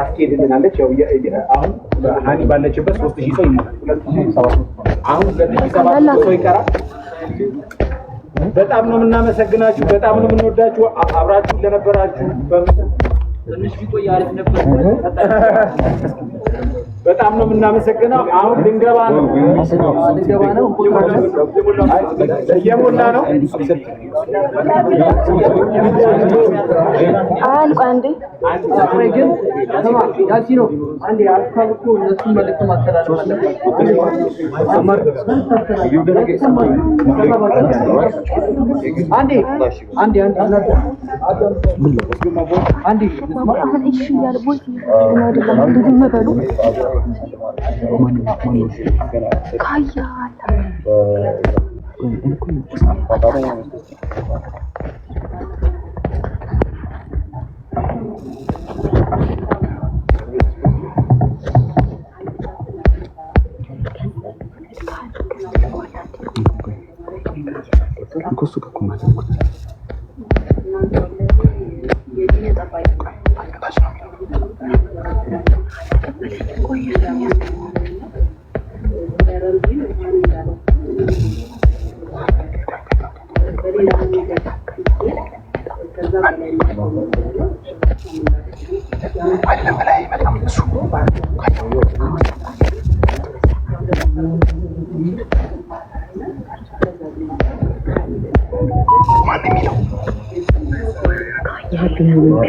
አስኬድ ምናለች አሁን ሀኒ ባለችበት ሶስት ሺህ ሰው ይሞታል። አሁን ሁለት ሺህ ሰባት ሰው ይቀራል። በጣም ነው የምናመሰግናችሁ፣ በጣም ነው የምንወዳችሁ አብራችሁ ለነበራችሁ ትንሽ ቢቆይ አሪፍ ነበር። በጣም ነው የምናመሰግነው። አሁን ልንገባ ነው ልንገባ ነው። እየሞላ ነው። አልቋ ግን ያቺ ነው አንዴ አልካልኩ እነሱ መልዕክት ማስተላለፍ አለበት አንዴ አንዴ አንዴ አሁን ካያ ማን የሚለው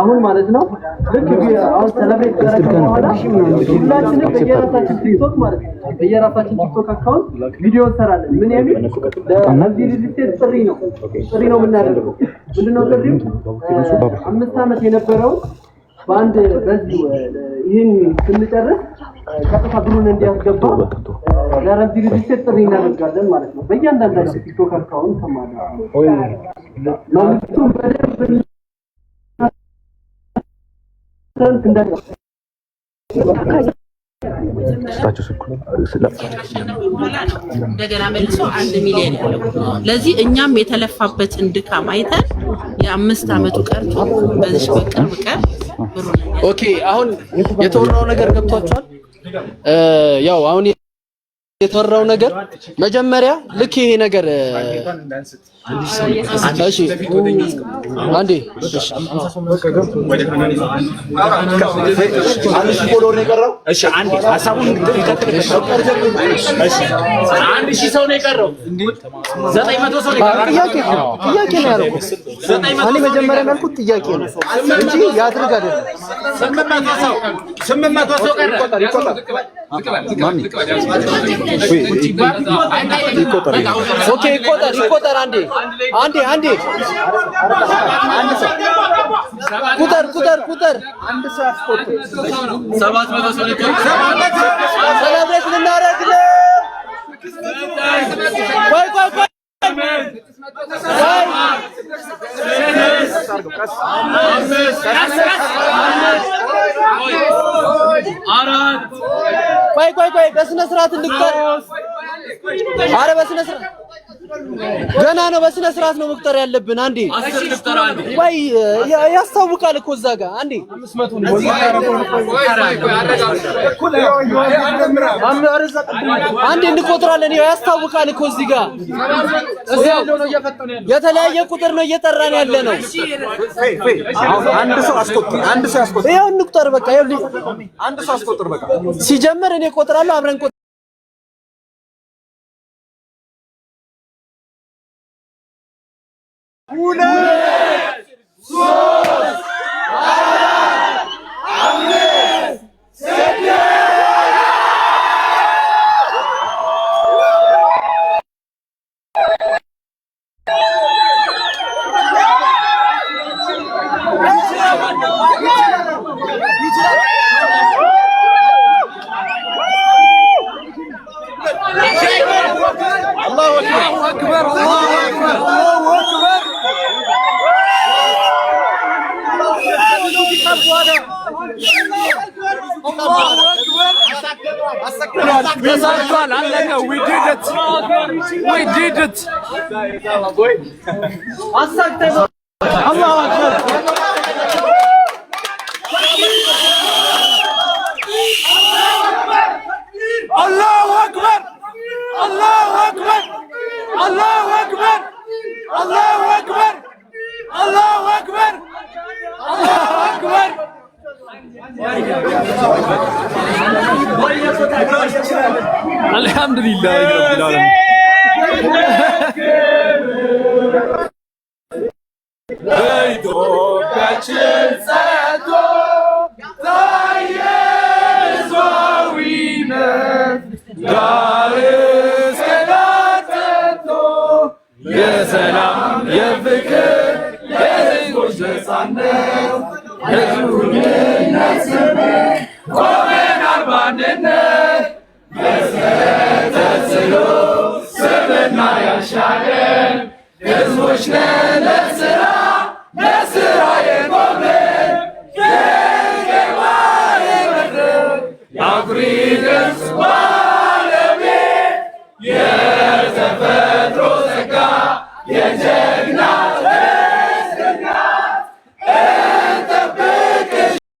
አሁን ማለት ነው ልክ አሁን ሰለብሬት ካደረግን በኋላ ሁላችንም በየራሳችን ቲክቶክ ማለት ነው በየራሳችን ቲክቶክ አካውንት ቪዲዮ እንሰራለን። ምን የሚል ለዚህ ሪልስቴት ጥሪ ነው ጥሪ ነው የምናደርገው ምንድነው ጥሪው አምስት ዓመት የነበረውን በአንድ በዚህ ይህን ስንጨርስ ቀጥታ ብሩን እንዲያስገባ ጋራንቲ ሪጅስተር ጥሪ እናደርጋለን ማለት ነው። በእያንዳንዳቸው ቲክቶክ አካውንት ማለት ነው። መልዕክቱን በደንብ እንዳለ ሰጣቸው ስልኩ እንደገና መልሶ አንድ ሚሊዮን ያለው። ለዚህ እኛም የተለፋበትን ድካም አይተን የአምስት አመቱ ቀርቶ በዚህ በቅርብ ቀር ብሩን ኦኬ። አሁን የተወራው ነገር ገብቷቸዋል። ያው አሁን የተወራው ነገር መጀመሪያ ልክ ይሄ ነገር እሺ፣ አንዴ አንድ ጥያቄ ነው መጀመሪያ ያልኩት ጥያቄ ነው እንጂ ያድርግ አይደለም። ይቆጠር ይቆጠር። አንዴ አንዴ አንዴ ቁጠር ቁጠር ቁጠር። ሰለብሬት ልናደርግ ነው። ቆይ ቆይ ቆይ ቆይ ቆይ ቆይ በስነ ስርዓት እንድትቀር። አረ በስነ ስርዓት ገና ነው። በስነ ስርዓት ነው መቁጠር ያለብን። አንዴ ወይ ያስታውቃል እኮ እዛ ጋር አንዴ አንዴ እንቆጥራለን። ያስታውቃል እኮ እዚህ ጋር የተለያየ ቁጥር ነው እየጠራን ያለ ነው። አንድ ሰው እንቁጠር በቃ ሲጀምር እኔ ቆጥራለሁ አብረን Une, Une we did it. We did it. Allah Akbar. አልሐምዱሊላህ ኢትዮጵያችን ጸቶ ታየዟዊነት ዳር እስከ ዳር ጠቶ የሰ ሕዝቦች ነን ለሥራ ለሥራ የቆምን የገባ የመድረክ የአኩሪ ገጽ